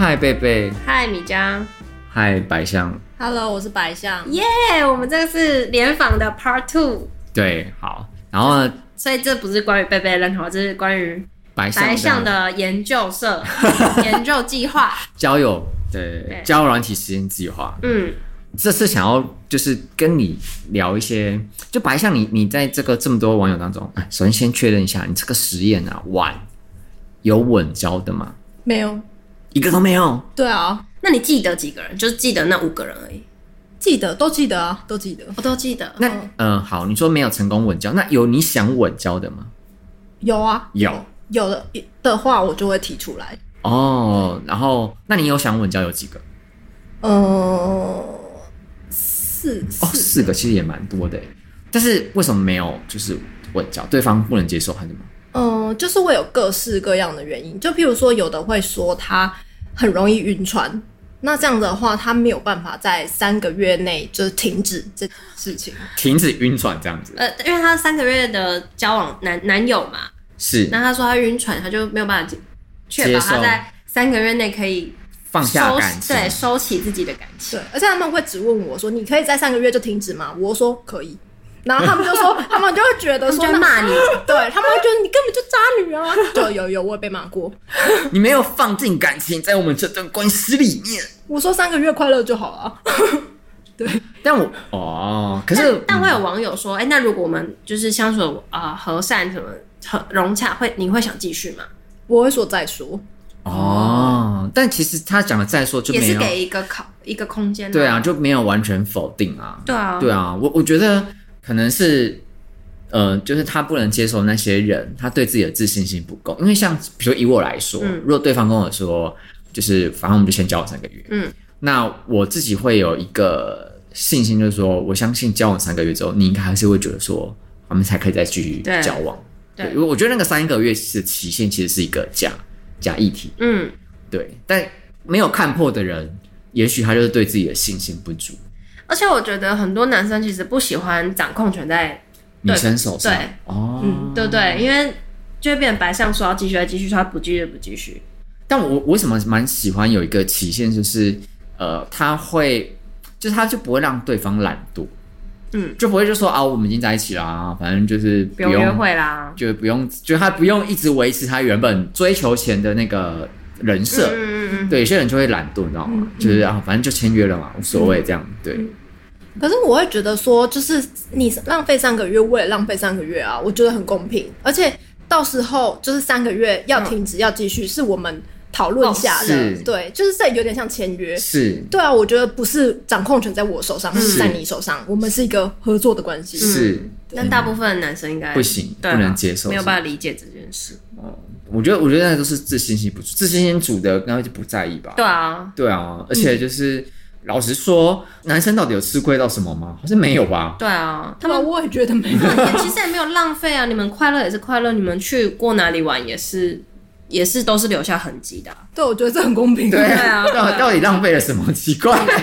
嗨，Hi, 蓓蓓。嗨，米漿。嗨，白象。Hello，我是白象。耶，yeah, 我們這個是聯訪的 Part Two。對，好。然後呢？所以這不是關於蓓蓓的任何，這是關於白象的研究社象 研究計劃交友對，對交友軟體實驗計劃。嗯，這次想要就是跟你聊一些，就白象你，你你在這個這麼多網友當中，首先先確認一下，你這個實驗啊，晚。有穩交的嗎？沒有。一個都沒有。對啊，那你記得幾個人？就是記得那五個人而已，記得都記得啊，都記得，我都記得。那嗯、呃，好，你說沒有成功穩交，那有你想穩交的嗎？有啊，有有，有的的話，我就會提出來。哦，然後那你有想穩交有幾個？哦、呃，四哦，四個其實也蠻多的，但是為什麼沒有就是穩交？對方不能接受還是什麼？就是會有各式各樣的原因，就譬如說，有的會說他很容易暈船，那這樣子的話，他沒有辦法在三個月內就是停止這件事情，停止暈船這樣子。呃，因為他三個月的交往男男友嘛，是。那他說他暈船，他就沒有辦法去確保他在三個月內可以收放下感情，對，收起自己的感情。對，而且他們會只問我說：“你可以在三個月就停止嗎？”我說：“可以。”然後他們就說，他們就會覺得說他們就罵你，對，他們會覺得你根本就渣女啊！就有有我也被罵過，你沒有放進感情在我們這段關係裡面。我說三個月快樂就好了，啊。 對，但我哦，可是但，但會有網友說，哎、嗯欸，那如果我們就是相處啊、呃、和善什麼融洽，會你會想繼續嗎？我會說再說。哦，嗯，但其實他講的再說就沒有，就是給一個考，一個空間，啊。對啊，就沒有完全否定啊。對啊，對啊，我我覺得。可能是，呃，就是他不能接受那些人，他對自己的自信心不夠。因為像，比如以我來說，嗯，如果對方跟我說，就是反正我們就先交往三個月，嗯，那我自己會有一個信心，就是說，我相信交往三個月之後，你應該還是會覺得說，我們才可以再繼續交往。對，對，對，我覺得那個三個月是期限，其實是一個假假議題。嗯，對，但沒有看破的人，也許他就是對自己的信心不足。而且我覺得很多男生其實不喜歡掌控權在女生手上，對，對哦，嗯，對對，因為就會變成白象說要繼續就繼續，他不繼續就不繼續。但我為什麼蠻喜歡有一個期限，就是呃，他會就是他就不會讓對方懶惰，嗯，就不會就說啊，我們已經在一起啦、啊，反正就是不用，不用約會啦，就不用，就他不用一直維持他原本追求前的那個人設，嗯，嗯嗯嗯，對，有些人就會懶惰，你知道嗎？嗯嗯就是啊，反正就簽約了嘛，無所謂這樣，嗯嗯對。可是我會覺得說，就是你浪費三個月，我也浪費三個月啊，我覺得很公平。而且到時候就是三個月要停止，要繼續，是我們討論下的，對，就是這有點像簽約。是，對啊，我覺得不是掌控權在我手上，是在你手上，我們是一個合作的關係。是，但大部分男生應該不行，不能接受，沒有辦法理解這件事。我覺得，我覺得那都是自信心不足，自信心足的，那就不在意吧。對啊，對啊，而且就是。老實說，男生到底有吃虧到什麼嗎？好像沒有吧。對啊，嗯、他們我也覺得沒有，其實也沒有浪費啊。你們快樂也是快樂，你們去過哪裡玩也是，也是都是留下痕跡的、啊。對，我覺得這很公平。對啊，到底浪費了什麼對奇怪？對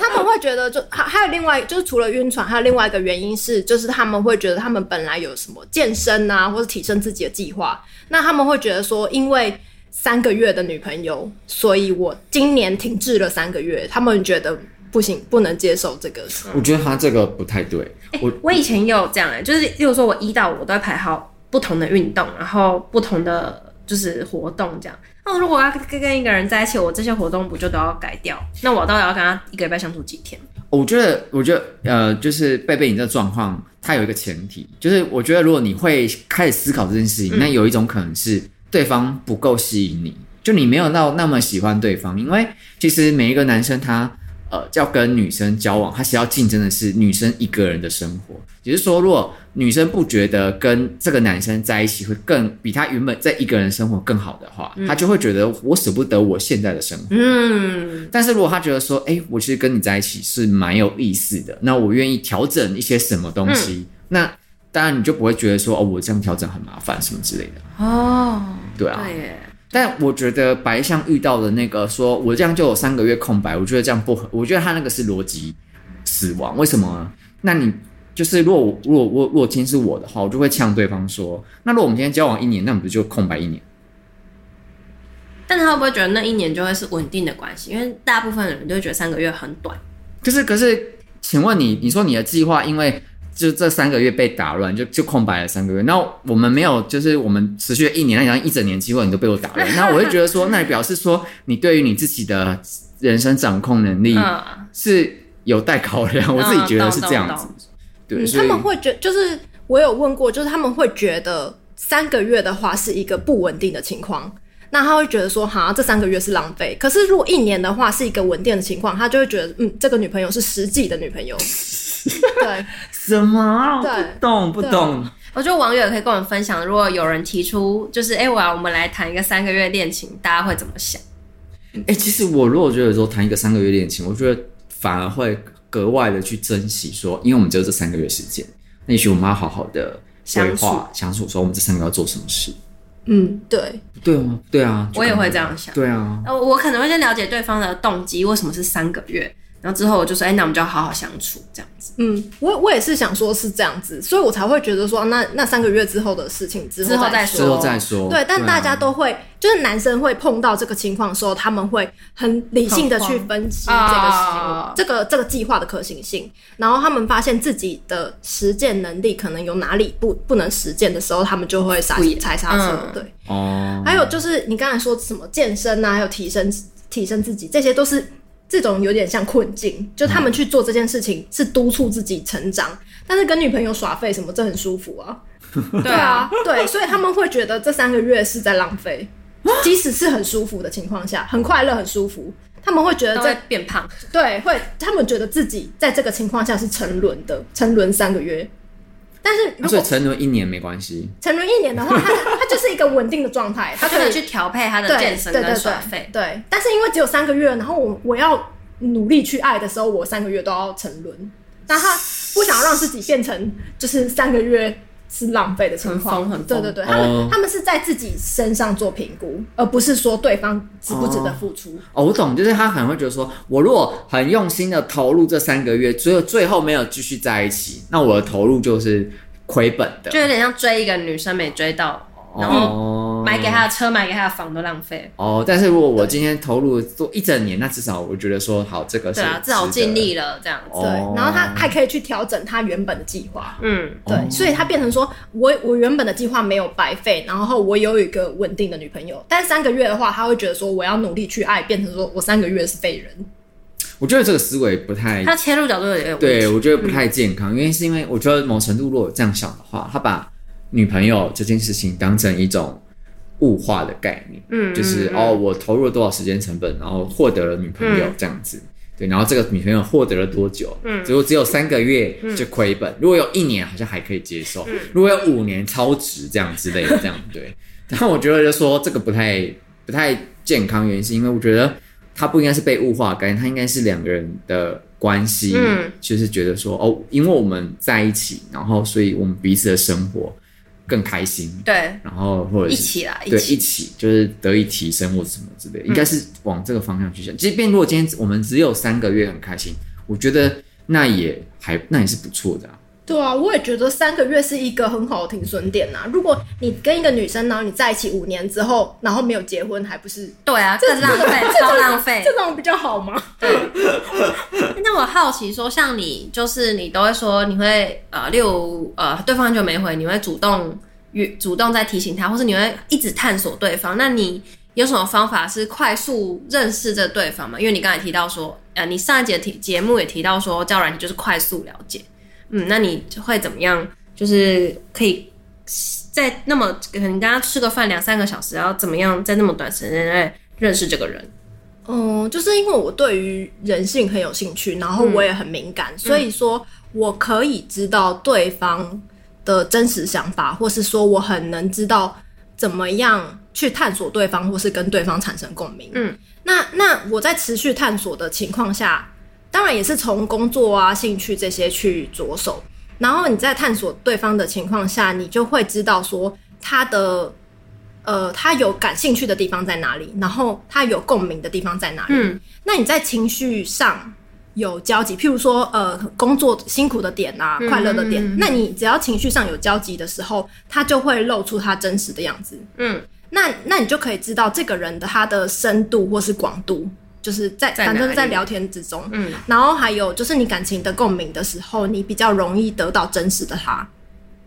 他們會覺得就，就還還有另外，就是除了暈船，還有另外一個原因是，就是他們會覺得他們本來有什麼健身啊，或者提升自己的計劃，那他們會覺得說，因為。三個月的女朋友，所以我今年停滯了三個月。他們覺得不行，不能接受這個。我覺得他這個不太對。我、欸、我以前也有這樣哎、欸，就是，例如說我一到五都要排好不同的運動，然後不同的就是活動這樣。那如果要跟跟一個人在一起，我這些活動不就都要改掉？那我到底要跟他一個禮拜相處幾天？我覺得，我覺得，呃，就是貝貝，你這狀況，它有一個前提，就是我覺得如果你會開始思考這件事情，嗯、那有一種可能是。對方不夠吸引你，就你沒有到那麼喜歡對方，因為其實每一個男生他，呃，要跟女生交往，他需要競爭的是女生一個人的生活。也就是說，如果女生不覺得跟這個男生在一起會更比他原本在一個人生活更好的話，她就會覺得我捨不得我現在的生活。嗯，但是如果他覺得說，誒，欸，我其實跟你在一起是蠻有意思的，那我願意調整一些什麼東西，嗯，那。當然，你就不會覺得說哦，我這樣調整很麻煩什麼之類的哦，對啊，對耶但我覺得白象遇到的那個，說我這樣就有三個月空白，我覺得這樣不合。我覺得他那個是邏輯死亡。為什麼？那你就是如果我，如果我如果聽是我的話，我就會嗆對方說：那如果我們今天交往一年，那我們不就空白一年？但他會不會覺得那一年就會是穩定的關係？因為大部分人都會覺得三個月很短。可是，可是，請問你，你說你的計劃，因為。就這三個月被打亂，就就空白了三個月。那我們沒有，就是我們持續了一年，好像一整年機會你都被我打亂。 那我就覺得說，那也表示說你對於你自己的人生掌控能力是有待考量。嗯、我自己覺得是這樣子。嗯、對、嗯，他們會覺，就是我有問過，就是他們會覺得三個月的話是一個不穩定的情況，那他會覺得說，哈、啊，這三個月是浪費。可是如果一年的話是一個穩定的情況，他就會覺得，嗯，這個女朋友是實際的女朋友。 對，什麼？不懂對不懂？我覺得網友也可以跟我們分享，如果有人提出，就是哎、欸，我、啊、我們來談一個三個月戀情，大家會怎麼想？哎、欸，其實我如果覺得說談一個三個月戀情，我覺得反而會格外的去珍惜說，說因為我們只有這三個月時間，那也許我們要好好的規劃相處，相處說我們這三個月要做什麼事。嗯，對，對啊，對啊，我也會這樣想，對啊，那我，我可能會先了解對方的動機，為什麼是三個月？然後之後就是哎、欸，那我們就要好好相處，這樣子。嗯，我我也是想說，是這樣子，所以我才會覺得說，那那三個月之後的事情之後再說，之後再說。對，但大家都會，啊、就是男生會碰到這個情況的時候，他們會很理性的去分析這個、啊、這個這個計劃的可行性，然後他們發現自己的實踐能力可能有哪裡不不能實踐的時候，他們就會剎、嗯、踩剎車。對哦。啊、還有就是你剛才說什麼健身啊，還有提升提升自己，這些都是。這種有點像困境，就他們去做這件事情是督促自己成長，嗯、但是跟女朋友耍廢什麼，這很舒服啊。 對啊，對，所以他們會覺得這三個月是在浪費，即使是很舒服的情況下，很快樂、很舒服，他們會覺得在，在變胖。對，會，他們覺得自己在這個情況下是沉淪的，沉淪三個月。但是如果沉淪、啊、所以一年沒關係，沉淪一年的話，他他，他就是一個穩定的狀態，他 可以他就能去調配他的健身跟耍廢。對，但是因為只有三個月，然後我我要努力去愛的時候，我三個月都要沉淪。那他不想要讓自己變成就是三個月是浪費的情況，很很對對對，哦，他們他們是在自己身上做評估，而不是說對方值不值得付出。哦，哦，我懂，就是他可能會覺得說，我如果很用心的投入這三個月，只有最後沒有繼續在一起，那我的投入就是虧本的，就有點像追一個女生沒追到。然後買給他的車，哦、買給他的房都浪費。哦，但是如果我今天投入做一整年，對那至少我覺得說好這個是對啊，至少盡力了這樣子。哦、對，然後他還可以去調整他原本的計劃。嗯，對，哦、所以他變成說我我原本的計劃沒有白費，然後我有一個穩定的女朋友。但三個月的話，他會覺得說我要努力去愛，變成說我三個月是廢人。我覺得這個思維不太，他切入角度也有問題，對，我覺得不太健康，嗯、因為是因為我覺得某程度如果這樣想的話，他把。女朋友這件事情當成一種物化的概念，嗯，就是哦，我投入了多少時間成本，然後獲得了女朋友這樣子，嗯、對，然後這個女朋友獲得了多久？嗯，如果只有三個月就虧本，嗯、如果有一年好像還可以接受，嗯、如果有五年超值這樣之類的，這樣對。然後 我覺得就說這個不太不太健康，原因是因為我覺得他不應該是被物化的概念，感覺他應該是兩個人的關係，嗯，就是覺得說哦，因為我們在一起，然後所以我們彼此的生活。更開心，對，然後或者是一起啦，對，一起，一起就是得以提升或什麼之類，嗯，應該是往這個方向去想。即便如果今天我們只有三個月很開心，我覺得那也還那也是不錯的啊。對啊，我也覺得三個月是一個很好的停損點吶、啊。如果你跟一個女生呢，然後你在一起五年之後，然後沒有結婚，還不是對啊？這浪費， 超浪費，這種比較好嗎？對。 那我好奇說，像你，就是你都會說，你會呃，例如呃，對方就沒回，你會主動與主動再提醒他，或是你會一直探索對方？那你有什麼方法是快速認識着對方嗎？因為你剛才提到說，呃，你上一節節節目也提到說，交友軟體就是快速了解。嗯，那你會怎麼樣？就是可以在那麼可能大家吃個飯兩三個小時，然後怎麼樣，在那麼短時間內認識這個人？嗯、呃，就是因為我對於人性很有興趣，然後我也很敏感，嗯、所以說我可以知道對方的真實想法，或是說我很能知道怎麼樣去探索對方，或是跟對方產生共鳴。嗯，那那我在持續探索的情況下。當然也是從工作啊、興趣這些去着手，然後你在探索對方的情況下，你就會知道說他的呃，他有感興趣的地方在哪裡，然後他有共鳴的地方在哪裡。嗯，那你在情緒上有交集，譬如說呃，工作辛苦的點啊，嗯嗯嗯，快樂的點，那你只要情緒上有交集的時候，他就會露出他真實的樣子。嗯，那那你就可以知道這個人的他的深度或是廣度。就是在，反正在聊天之中，嗯，然後還有就是你感情的共鳴的時候，你比較容易得到真實的他，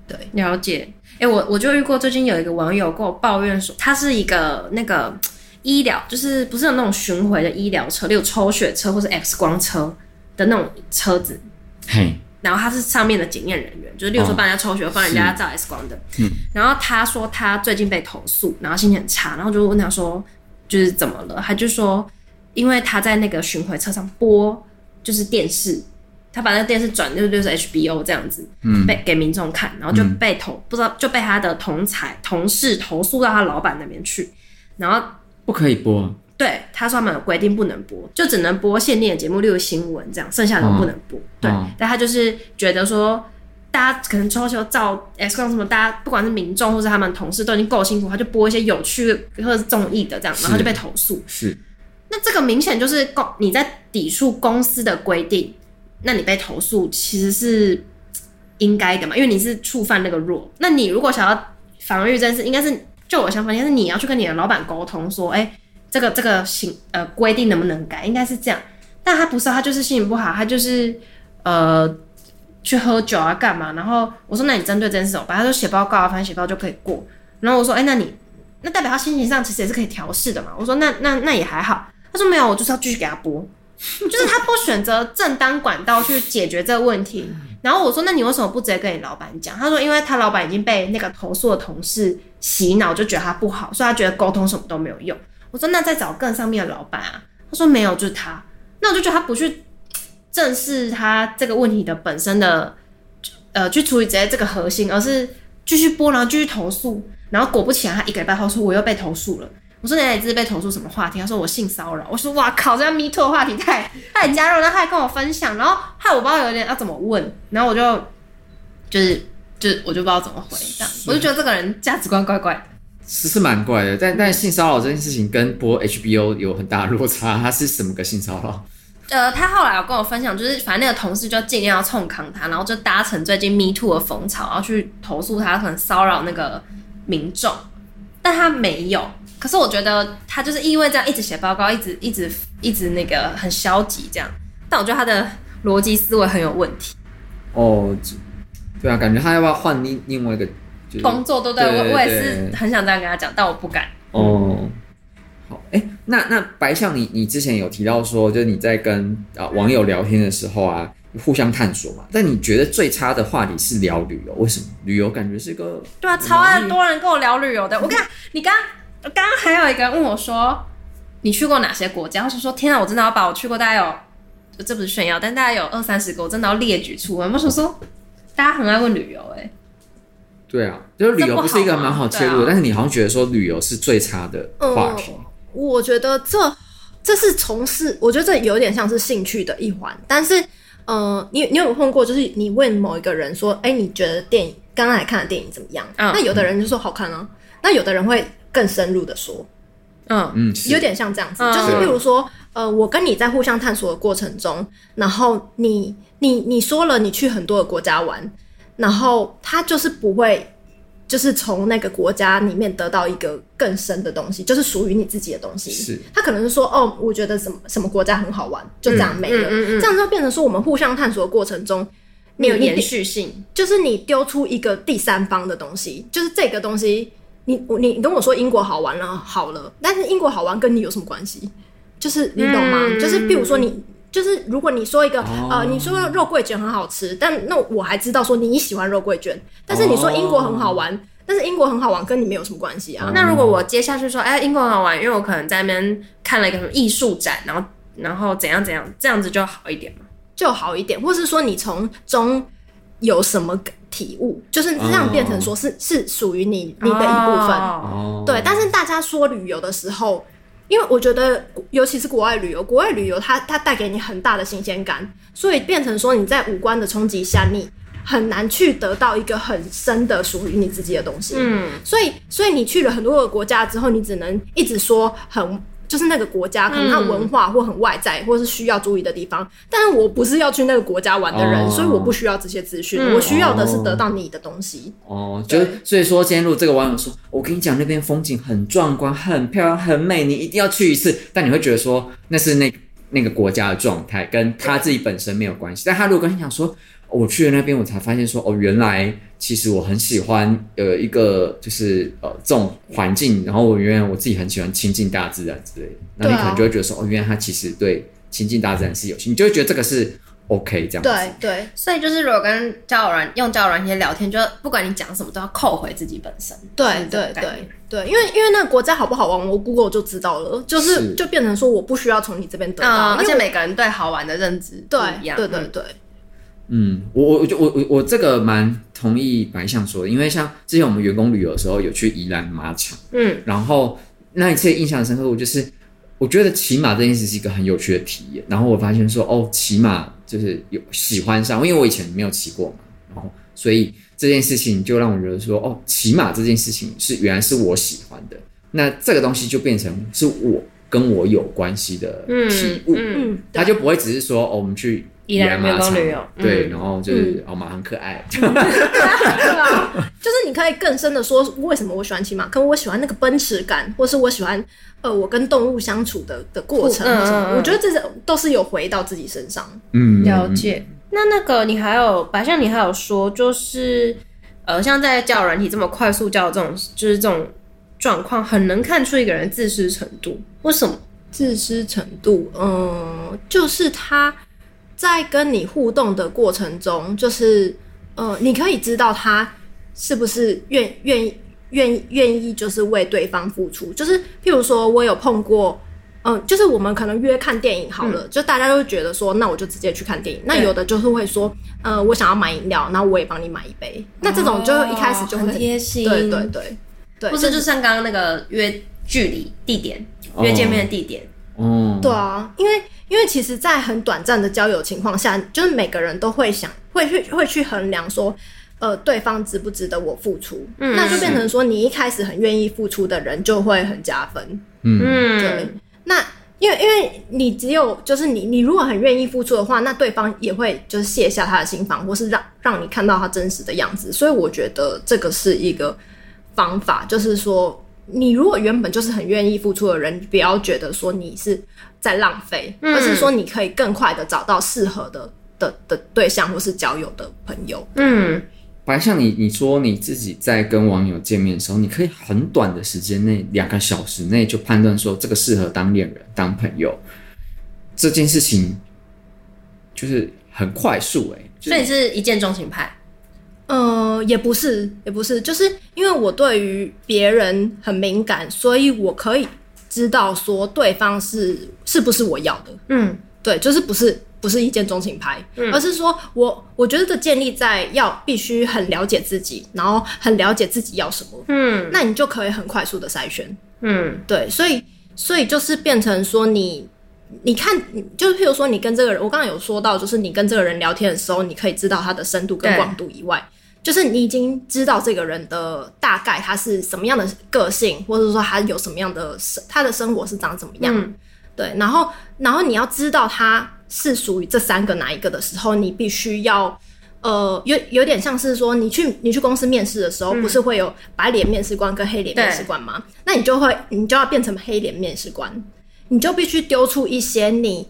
對，了解。哎、欸，我我就遇過，最近有一個網友跟我抱怨說，他是一個那個醫療，就是不是有那種巡迴的醫療車，例如抽血車或是 X 光車的那種車子，嘿，然後他是上面的檢驗人員，就是例如說幫人家抽血，幫人家照 X 光的，哦、嗯，然後他說他最近被投訴，然後心情很差，然後就問他說就是怎麼了，他就說。因為他在那個巡回車上播，就是電視，他把那個電視轉就是就是 HBO 這樣子，嗯，被給民眾看，然後就被投，嗯、不知道就被他的同才同事投訴到他老板那邊去，然後不可以播，對，他說他們有規定不能播，就只能播限定的節目例如新聞這樣，剩下的都不能播，哦、對，哦、但他就是覺得說，大家可能抽秀照 X 光什麼，大家不管是民眾或是他們同事都已經夠辛苦，他就播一些有趣或者是綜藝的這樣，是然後就被投訴，是。那這個明顯就是公你在抵觸公司的規定，那你被投訴其實是應該的嘛。因為你是觸犯那個 rule。那你如果想要防禦真實，應該是就我想反，應該是你要去跟你的老板溝通說，哎、欸，這個這個行呃規定能不能改？應該是這樣。但他不是，他就是心情不好，他就是呃去喝酒啊，幹嘛？然後我說，那你針對真實，我把他說寫報告，反正寫報告就可以過。然後我說，哎、欸，那你那代表他心情上其實也是可以調試的嘛。我說那，那那那也還好。他說沒有，我就是要繼續給他播，就是他不選擇正當管道去解決這個問題。然後我說，那你為什麼不直接跟你老板講？他說，因為他老板已經被那個投訴的同事洗腦，就覺得他不好，所以他覺得溝通什麼都沒有用。我說，那再找更上面的老板啊？他說沒有，就是他。那我就覺得他不去正視他這個問題的本身的呃去處理直接這個核心，而是繼續播，然後繼續投訴。然後果不其然，他一個禮拜後說我又被投訴了。.我說：“你在這裡被投訴什麼話題？”他說：“我性騷擾。”我說：“哇靠！這樣 Me Too 的話題太太加入，那他還跟我分享，然後害我不知道有點要、啊、怎麼問，然後我就就是就我就不知道怎麼回，是這樣我就覺得這個人價值觀怪怪的是，是是蠻怪的。但但性騷擾這件事情跟播 HBO 有很大落差，他是什麼個性騷擾？呃，他後來有跟我分享，就是反正那個同事就盡量要衝扛他，然後就搭乘最近 Me Too 的風潮，然後去投訴他可能騷擾那個民眾。”但他沒有，可是我覺得他就是因為這樣一直寫報告，一直一直一直那個很消極這樣。但我覺得他的邏輯思維很有問題。哦，對啊，感覺他要不要換另另外一個？就是、工作都在對我，我也是很想這樣跟他講，對對對，但我不敢。哦、嗯，嗯、好，欸、那那白象你，你你之前有提到說，就是你在跟啊網友聊天的時候啊。互相探索嘛，但你覺得最差的話題是聊旅遊，為什麼？旅遊感覺是一個對啊，超愛多人跟我聊旅遊的。我跟你講，你剛剛剛還有一個問我說，你去過哪些國家？我是說，天啊，我真的要把我去過大概有，這不是炫耀，但大概有二三十個，我真的要列舉出來。我想說大家很愛問旅遊、欸，誒、啊，對啊，就是旅遊不是一個蠻好切入，但是你好像覺得說旅遊是最差的話題。嗯、我覺得這這是從事，我覺得這有點像是興趣的一環，但是。呃，你你有碰過，就是你問某一個人說，哎、欸，你覺得電影剛剛來看的電影怎麼樣？Oh. 那有的人就說好看啊，那有的人會更深入的說，嗯嗯，有點像這樣子，oh. 就是例如說，呃，我跟你在互相探索的過程中，然後你你你說了你去很多的國家玩，然後他就是不會，就是從那個國家裡面得到一個更深的東西，就是屬於你自己的東西。是，他可能是說，哦，我覺得什麼什麼國家很好玩，就這樣、嗯、沒了。嗯嗯嗯、這樣就變成說，我們互相探索的過程中，你有你、嗯、延續性，就是你丟出一個第三方的東西，就是這個東西，你你你跟我說英國好玩了，好了，但是英國好玩跟你有什麼關係？就是你懂嗎？嗯、就是比如說你。就是如果你說一個、oh. 呃，你說肉桂捲很好吃，但那我還知道說你喜歡肉桂捲。但是你說英國很好玩，oh. 但是英國很好玩跟你沒有什麼關係啊。Oh. 那如果我接下去說，哎、欸，英國很好玩，因為我可能在那邊看了一個什麼藝術展，然後然後怎樣怎樣，這樣子就好一點嘛，就好一點。或是說你從中有什麼體悟，就是這樣變成說是、oh. 是屬於你你的一部分。Oh. Oh. 對，但是大家說旅遊的時候。因為我覺得，尤其是國外旅遊，國外旅遊它它帶給你很大的新鮮感，所以變成說你在五官的衝擊下你，你很難去得到一個很深的屬於你自己的東西。嗯，所以所以你去了很多個國家之後，你只能一直說很。就是那個國家，可能它文化或很外在，或是需要注意的地方。嗯、但是我不是要去那個國家玩的人，哦、所以我不需要這些資訊。嗯、我需要的是得到你的東西。哦，對就所以說，今天如果這個網友說：“嗯、我跟你講，那邊風景很壯觀，很漂亮，很美，你一定要去一次。”但你會覺得說，那是那個、那個國家的狀態，跟他自己本身沒有關係。但他如果跟你講說：“我去了那邊，我才發現說，哦，原來。”其實我很喜歡呃一個就是呃這種環境，然後我原來我自己很喜歡親近大自然之類的，啊、那你可能就會覺得說哦，原來他其實對親近大自然是有心，你就會覺得這個是 OK 這樣子。對對，所以就是如果跟交友軟，用交友軟件聊天，就不管你講什麼都要扣回自己本身。對對對對，因為因為那個國家好不好玩，我 Google 就知道了，就是，是就變成說我不需要從你這邊得到，呃、而且每個人對好玩的認知不一樣。對對，對對對。嗯，我我我就我我我這個蠻同意白象說的，因為像之前我們員工旅遊的時候有去宜蘭馬場，嗯，然後那一次印象深刻，我就是我覺得騎馬這件事是一個很有趣的體驗，然後我發現說哦，騎馬就是有喜歡上，因為我以前沒有騎過嘛，然後所以這件事情就讓我覺得說哦，騎馬這件事情是原來是我喜歡的，那這個東西就變成是我跟我有關係的體悟，嗯，嗯，他就不會只是說哦，我們去。以人有光旅遊，對，然後就是哦馬很可愛，就是你可以更深的說為什麼我喜歡騎馬，可我喜歡那個奔馳感，或是我喜歡呃我跟動物相處的的過程，什麼？我覺得這是都是有回到自己身上，嗯，了解。那那個你還有，白象你還有說，就是呃像在交友軟體這麼快速交友這種，就是這種狀況很能看出一個人自私程度。為什麼自私程度？嗯，就是他。在跟你互動的過程中，就是，呃，你可以知道他是不是願願意願意願意就是為對方付出。就是，譬如說我有碰過，嗯、呃，就是我們可能約看電影好了，嗯、就大家都覺得說，那我就直接去看電影。對那有的就是會說，呃，我想要買飲料，那我也幫你買一杯。那這種就一開始就很、哦、很貼心，對對對，對。或者就像剛剛那個約距離、地點、哦、約見面的地點。嗯，oh. 對啊，因為因為其實，在很短暫的交友情況下，就是每個人都會想，會去會去衡量說，呃，對方值不值得我付出，嗯，那就變成說，你一開始很願意付出的人就會很加分。嗯，對。那因為因為你只有就是你你如果很願意付出的話，那對方也會就是卸下他的心防，或是讓讓你看到他真實的樣子。所以我覺得這個是一個方法，就是說。你如果原本就是很願意付出的人，不要覺得說你是在浪費，嗯、而是說你可以更快的找到適合的的的對象，或是交友的朋友。嗯，白象，你你說你自己在跟網友見面的時候，你可以很短的時間內，兩個小時內就判斷說這個適合當戀人、當朋友，這件事情就是很快速誒、欸，所以是一見鍾情派。也不是也不是，就是因為我對於別人很敏感，所以我可以知道說對方是是不是我要的。嗯，對，就是不是不是一見鍾情派，嗯、而是說我我覺得的建立在要必須很了解自己，然後很了解自己要什麼。嗯，那你就可以很快速的篩選。嗯，對，所以所以就是變成說你你看，就是譬如說你跟這個人，我剛剛有說到，就是你跟這個人聊天的時候，你可以知道他的深度跟廣度以外。就是你已經知道這個人的大概他是什麼樣的個性，或者說他有什麼樣的生他的生活是長怎麼樣？嗯、對，然後然後你要知道他是屬於這三個哪一個的時候，你必須要呃有有點像是說你去你去公司面試的時候，嗯、不是會有白臉面試官跟黑臉面試官嗎？對，那你就會你就要變成黑臉面試官，你就必須丟出一些你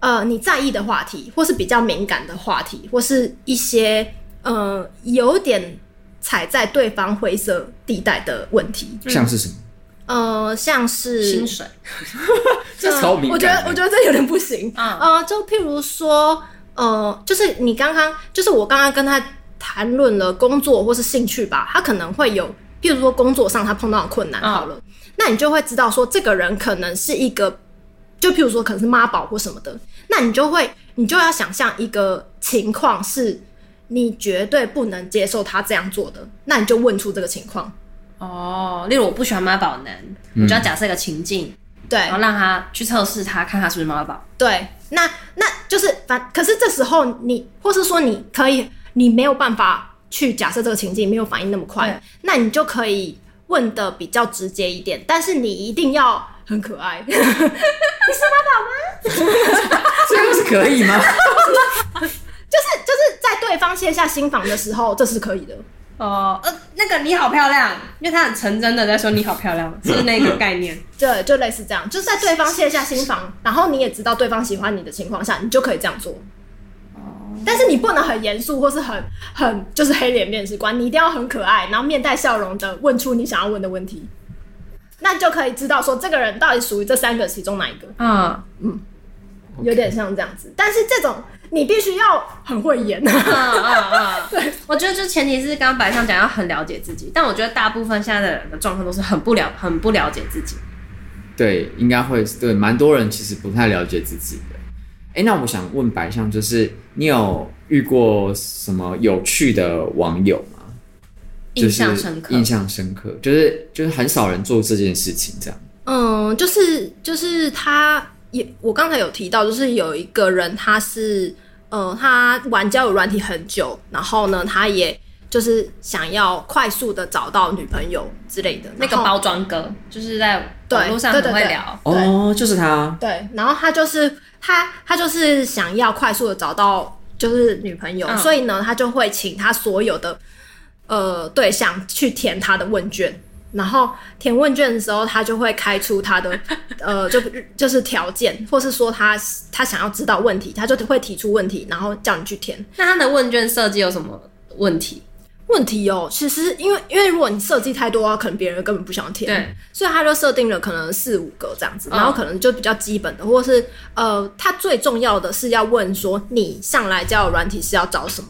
呃你在意的話題，或是比較敏感的話題，或是一些。呃，有點踩在對方灰色地帶的問題，像是什麼？呃，像是薪水，這 就超敏感。我覺得，我覺得這有點不行。啊、呃，就譬如說，呃，就是你剛剛，就是我剛剛跟他談論了工作或是興趣吧，他可能會有，譬如說工作上他碰到的困難，好了，啊、那你就會知道說，這個人可能是一個，就譬如說可能是媽寶或什麼的，那你就會，你就要想象一個情況是。你絕對不能接受他這樣做的，那你就問出這個情況。哦，例如我不喜歡媽寶男，嗯、我就要假設一個情境，對，然後讓他去測試他，看他是不是媽寶。對，那那就是反，可是這時候你，或是說你可以，你沒有辦法去假設這個情境，沒有反應那麼快，嗯、那你就可以問得比較直接一點，但是你一定要很可愛。 你是媽寶嗎？這樣 是，是可以嗎？卸下心防的時候，這是可以的哦。呃，那個你好漂亮，因為他很誠真的在說你好漂亮， 是那個概念。對，就類似這樣，就是在對方卸下心防，然後你也知道對方喜歡你的情況下，你就可以這樣做。但是你不能很嚴肅，或是很很就是黑臉面試官，你一定要很可愛，然後面帶笑容的問出你想要問的問題，那就可以知道說這個人到底屬於這三個其中哪一個。嗯嗯，有點像這樣子，Okay. 但是這種。你必須要很會演啊啊啊！對，我覺得這前提是剛剛白象講要很了解自己，但我覺得大部分現在的人的狀況都是很不了很不了解自己。對，應該會，對，蠻多人其實不太了解自己的。哎、欸，那我想問白象，就是你有遇過什麼有趣的網友嗎？就是、印象深刻，印象深刻，就是就是很少人做這件事情這樣。嗯，就是就是他。也，我剛才有提到，就是有一個人，他是，呃，他玩交友軟體很久，然後呢，他也就是想要快速的找到女朋友之類的，那個包裝哥，就是在網絡上對，很會聊。哦，oh, 對就是他。對，然後他就是他，他就是想要快速的找到就是女朋友，oh. 所以呢，他就會請他所有的呃對象去填他的問卷。然後填問卷的時候，他就會開出他的 呃，就就是條件，或是說他他想要知道問題，他就會提出問題，然後叫你去填。那他的問卷設計有什麼問題？問題哦，其實因為因為如果你設計太多的話，可能別人根本不想填。對，所以他就設定了可能四五個這樣子，然後可能就比較基本的，哦、或是呃，他最重要的是要問說你上來交友軟體是要找什麼，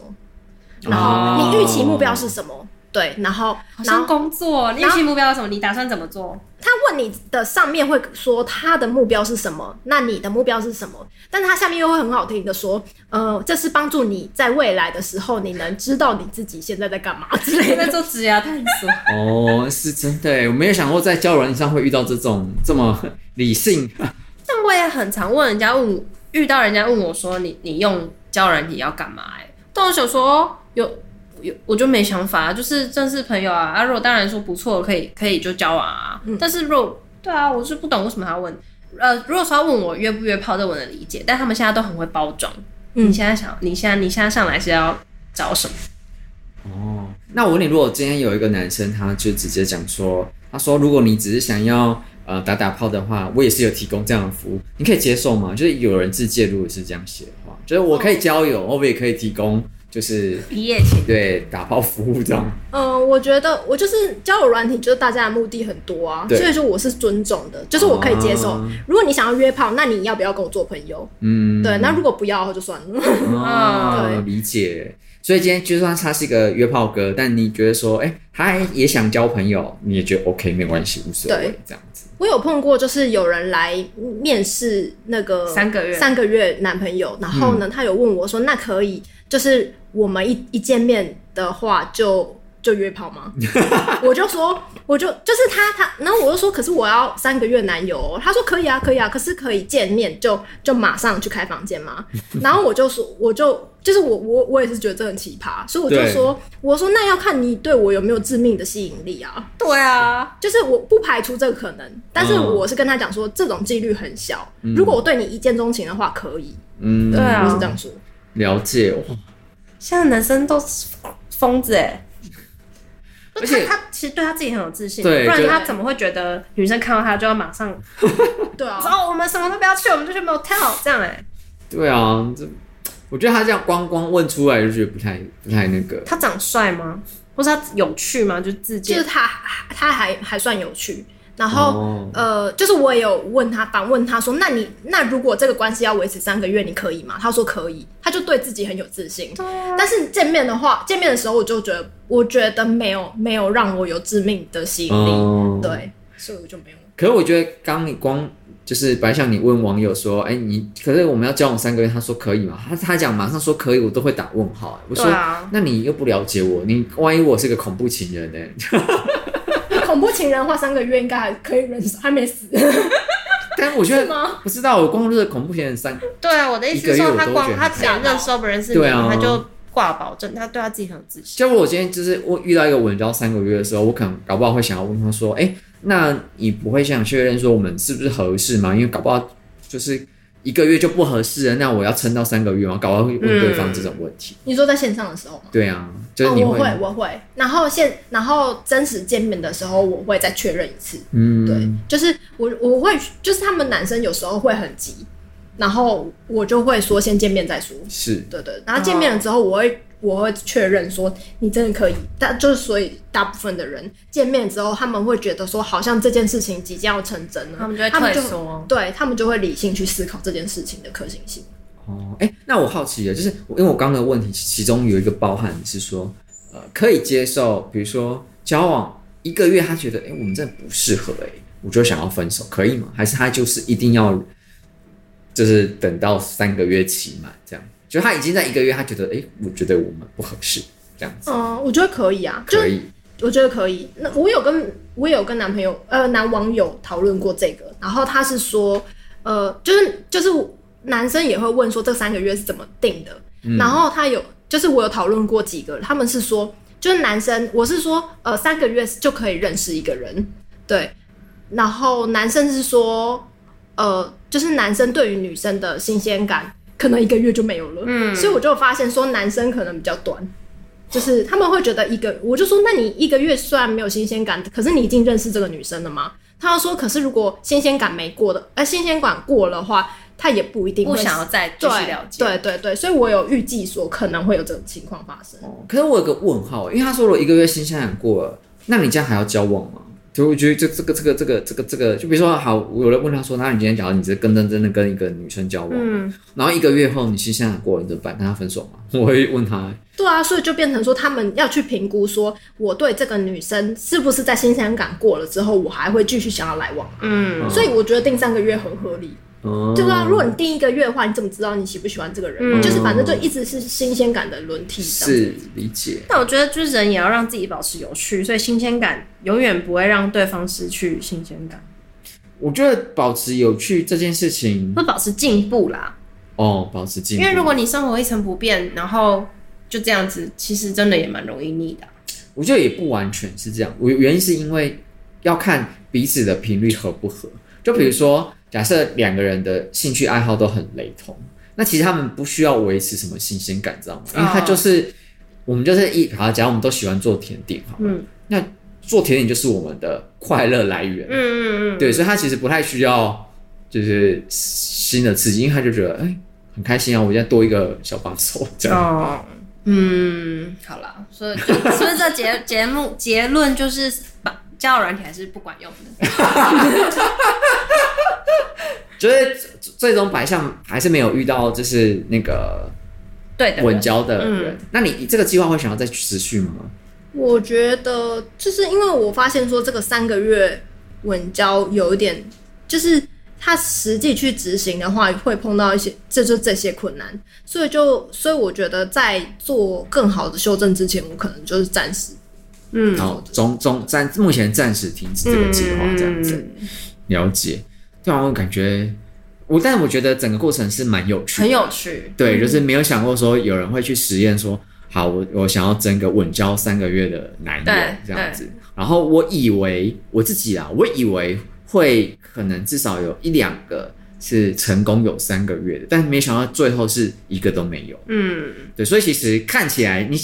然後你預期目標是什麼。哦對，然後，好像工作。後你預期目標是什麼？後你打算怎麼做？他問你的上面會說他的目標是什麼，那你的目標是什麼？但他下面又會很好聽的說，呃，這是幫助你在未來的時候，你能知道你自己現在在幹嘛之類的。他在做職涯探索。 哦，是真對，我沒有想過在交友軟體上會遇到這種這麼理性。 但我也很常問人家，問遇到人家問我說你，你你用交友軟體你要幹嘛？哎，但我想說有。我就沒想法，就是正式朋友啊啊，如果當然說不錯，可以可以就交往啊。嗯、但是若，對啊，我是不懂為什麼他要問。呃，如果說要問我約不約炮，這我能理解。但他們現在都很會包裝。你現在想，你現在你現在上來是要找什麼？哦，那我問你，如果今天有一個男生，他就直接講說，他說如果你只是想要呃打打炮的話，我也是有提供這樣的服務，你可以接受嗎？就是有人自介入是這樣寫的話，就是我可以交友，我也、哦、可以提供。就是一夜情，對，打炮服務這樣。嗯、呃，我覺得我就是交友軟體，就是大家的目的很多啊，對所以說我是尊重的，就是我可以接受。啊、如果你想要約炮，那你要不要跟我做朋友？嗯，對，那如果不要的話就算了。啊， 對我理解。所以今天就算他是一個約炮哥，但你覺得說，哎、欸，他也想交朋友，你也覺得 OK，沒關係，無所謂，這樣子對。我有碰過，就是有人來面試那個三個月、三個月男朋友，然後呢，嗯、他有問我說，那可以。就是我們一一見面的話就，就就約炮嗎？ 我就說，我就就是他他，然後我就說，可是我要三個月男友。喔。他說可以啊，可以啊，可是可以見面就就馬上去開房間嗎？然後我就說，我就就是我我我也是覺得這很奇葩，所以我就說，對我說，那要看你對我有沒有致命的吸引力啊。對啊，就是我不排除這個可能，但是我是跟他講說，這種幾率很小。嗯、如果我對你一見鍾情的話，可以。嗯，對，對啊，是這樣說。了解我。現在男生都是瘋子哎，而且就他，他其實對他自己很有自信，對不然他怎麼會覺得女生看到他就要馬上對啊？然後我們什麼都不要去，我們就是沒有 t e 這樣哎。對啊，這我覺得他這樣光光問出來就覺得不太不太那個。他長帥嗎？或是他有趣嗎？就是、自己。就是他他還還算有趣。然後，哦、呃，就是我也有問他，反問他說：“那你那如果這個關係要維持三個月，你可以嗎？”他說：“可以。”他就對自己很有自信。對但是見面的話，見面的時候我就覺得，我覺得沒有沒有讓我有致命的吸引力，哦、對，所以我就沒有。可是我覺得剛剛你光就是白象你問網友說：“哎，你可是我們要交往三個月，他說可以嗎？”他他講馬上說可以，我都會打問號。我說：“啊、那你又不了解我，你萬一我是個恐怖情人呢、欸？” 情人話三個月應該還可以認識，還沒死。但我覺得不知道，嗎我光是恐怖片三。對啊，我的意思是說，他光他講那個時候不認識。對啊，他就掛保證，他對他自己很自信。就我今天就是我遇到一個穩交三個月的時候，我可能搞不好會想要問他說：“欸，那你不會想確認說我們是不是合適嗎？因為搞不好就是。”一個月就不合適了，那我要撐到三個月嗎？搞完問對方這種問題，嗯。你說在線上的時候嗎？對啊，就是會、哦、我會，我會。然後現，然後真實見面的時候，我會再確認一次。嗯，對，就是我我會，就是他們男生有時候會很急，然後我就會說先見面再說。是，對，對對。然後見面了之後，我會。我會確認說，你真的可以，但就是所以大部分的人見面之後，他們會覺得說好像這件事情即將要成真了，他們就會他們就對他們就會理性去思考這件事情的可行性。哦，哎、欸，那我好奇了，就是因為我剛剛的問題其中有一個包含是說，呃，可以接受，比如說交往一個月，他覺得哎、欸、我們真的不適合哎、欸，我就想要分手，可以嗎？還是他就是一定要就是等到三個月期滿這樣？就他已經在一個月，他覺得，哎、欸，我覺得我們不合適，這樣子。嗯，我覺得可以啊，可以，就我覺得可以。那我有跟我有跟男朋友，呃，男網友討論過這個，然後他是說，呃，就是就是男生也會問說這三個月是怎麼定的，嗯、然後他有就是我有討論過幾個，他們是說，就是男生我是說，呃，三個月就可以認識一個人，對，然後男生是說，呃，就是男生對於女生的新鮮感。可能一個月就沒有了，嗯、所以我就發現說男生可能比較短，就是他們會覺得一個，我就說那你一個月雖然沒有新鮮感，可是你已經認識這個女生了嗎？他說，可是如果新鮮感沒過的，哎、呃，新鮮感過了的話，他也不一定我想要再繼續了解。對，對對對，所以我有預計說可能會有這種情況發生。哦、可是我有個問號，因為他說我一個月新鮮感過了，那你這樣還要交往嗎？就我覺得，就這個、這個、這個、這個、這個，就比如說，好，有人問他說：“那你今天假如你是真真真的跟一個女生交往，嗯、然後一個月後你新鮮感過了，你怎麼辦？跟他分手嗎？”我會問他，嗯。他誒對啊，所以就變成說，他們要去評估說，我對這個女生是不是在新鮮感過了之後，我還會繼續想要來往。嗯，所以我覺得定三個月很合理。嗯就是，對哦、如果你定一個月的話，你怎麼知道你喜不喜歡這個人？嗯、就是反正就一直是新鮮感的輪替是，是理解。但我覺得，就是人也要讓自己保持有趣，所以新鮮感永遠不會讓對方失去新鮮感。我覺得保持有趣這件事情，會保持進步啦。哦，保持進步。因為如果你生活一成不變，然後就這樣子，其實真的也蠻容易膩的，啊。我覺得也不完全是這樣，我原因是因為要看彼此的頻率合不合。就比如說。嗯假設兩個人的興趣愛好都很雷同，那其實他們不需要維持什麼新鮮感，知道嗎？因為他就是、oh. 我們就是一好，假如我們都喜歡做甜點，嗯，那做甜點就是我們的快樂來源，嗯嗯嗯，對，所以他其實不太需要就是新的刺激，因為他就覺得哎、欸、很開心啊，我現在多一個小幫手這樣，哦，oh. 嗯， 好啦，所以所以、就是、這節 節目結論就是交友軟體還是不管用的。 所以 最終，白象還是沒有遇到，就是那個對、對對的穩交的人。嗯、那你你這個計劃會想要再持續嗎？我覺得，就是因為我發現說，這個三個月穩交有一點，就是他實際去執行的話，會碰到一些，這就是、這些困難。所以就，所以我覺得在做更好的修正之前，我可能就是暫時，嗯，然後中中暫目前暫時停止這個計劃，這樣子、嗯、了解。突然、啊、我感覺我，但我覺得整個過程是蠻有趣的，很有趣。對，嗯、就是沒有想過說有人會去實驗說，好，我我想要徵個穩交三個月的男人對這樣子。對然後我以為我自己啊，我以為會可能至少有一兩個是成功有三個月的，但沒想到最後是一個都沒有。嗯，對，所以其實看起來你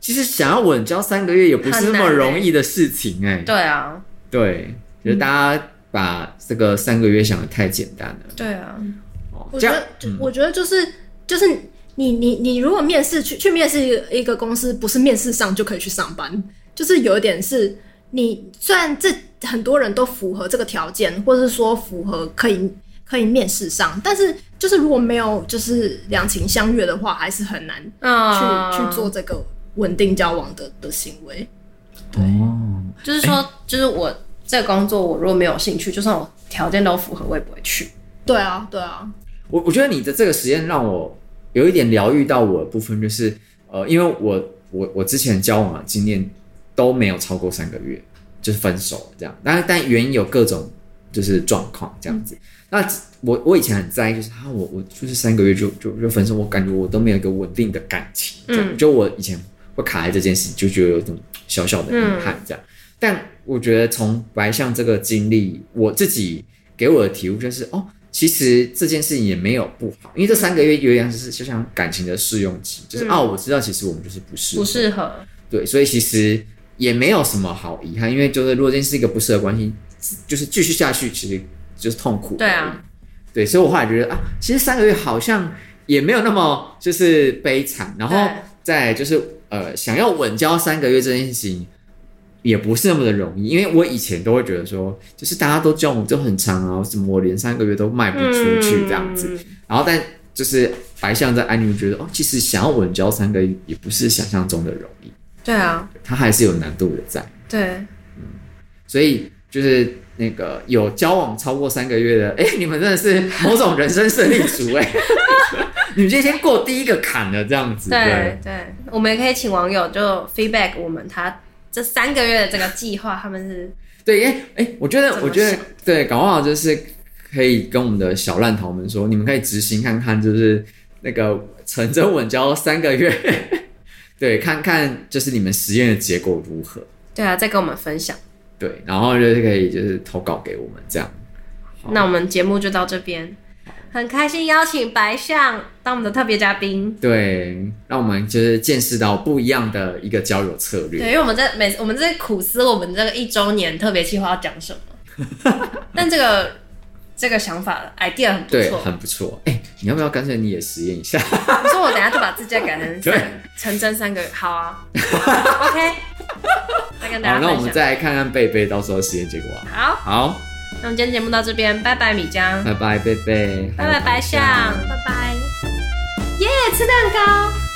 其實想要穩交三個月也不是那麼容易的事情哎、欸欸。對啊，對，就是、嗯、大家。把這個三個月想得太簡單了。對啊，哦、我覺得、嗯、就我覺得就是就是你你你如果面試去去面試一個一個公司，不是面試上就可以去上班，就是有一點是你雖然這很多人都符合這個條件，或是說符合可以可以面試上，但是就是如果沒有就是兩情相悅的話，嗯、還是很難去、嗯、去做這個穩定交往的的行為。對，哦、就是說、欸、就是我。這個工作我如果沒有興趣，就算我條件都符合，我也不會去。對啊，對啊。我我覺得你的這個實驗讓我有一點療癒到我的部分，就是呃，因為我我我之前交往的經驗都沒有超過三個月，就是分手這樣。但是但原因有各種，就是狀況這樣子。嗯、那我我以前很在意，就是啊，我我就是三個月就就就分手，我感覺我都沒有一個穩定的感情，嗯、就我以前會卡在這件事，就就覺得有一種小小的遺憾這樣。嗯但我覺得從白象這個經歷，我自己給我的體悟就是，哦，其實這件事情也沒有不好，因為這三個月有點，就是就像感情的試用期，就是哦、嗯啊，我知道其實我們就是不適不適合，合對，所以其實也沒有什麼好遺憾，因為就是如果這是一個不適合關係，就是繼續下去其實就是痛苦，對啊，對，所以我後來覺得啊，其實三個月好像也沒有那麼就是悲慘，然後再就是呃，想要穩交三個月這件事情也不是那麼的容易，因為我以前都會覺得說，就是大家都交往就很長啊，怎麼我連三個月都賣不出去這樣子。嗯、然後但就是白象在安利覺得哦，其實想要穩交三個月也不是想象中的容易。嗯嗯、對啊，它還是有難度的在。對、嗯，所以就是那個有交往超過三個月的，哎、欸，你們真的是某種人生勝利組哎、欸， 你們就先過第一個坎了這樣子。對對，對我們也可以請網友就 feedback 我們他。這三個月的這個計劃，他們是對，耶、欸。哎、欸，我覺得，我覺得對，搞不好就是可以跟我們的小爛桃們說，你們可以執行看看，就是那個誠徵穩交三個月， 對，看看就是你們實驗的結果如何。對啊，再跟我們分享。對，然後就是可以就是投稿給我們這樣。好，那我們節目就到這邊。很開心邀請白象當我們的特別嘉賓，對，讓我們就是見識到不一樣的一個交友策略。對，因為我們在每我們在苦思我們這個一周年特別計劃要講什麼， 但這個這個想法 idea 很不錯，很不錯。哎、欸，你要不要乾脆你也實驗一下？我、 啊、說我等下就把自家改成成真三個月好啊 ？OK，再跟大家好。好，那我們再來看看貝貝到時候的實驗結果。好，好。那我們今天節目到這邊，拜拜，米，米漿，拜拜，拜拜，貝貝，拜拜，白象，拜拜，耶，吃蛋糕。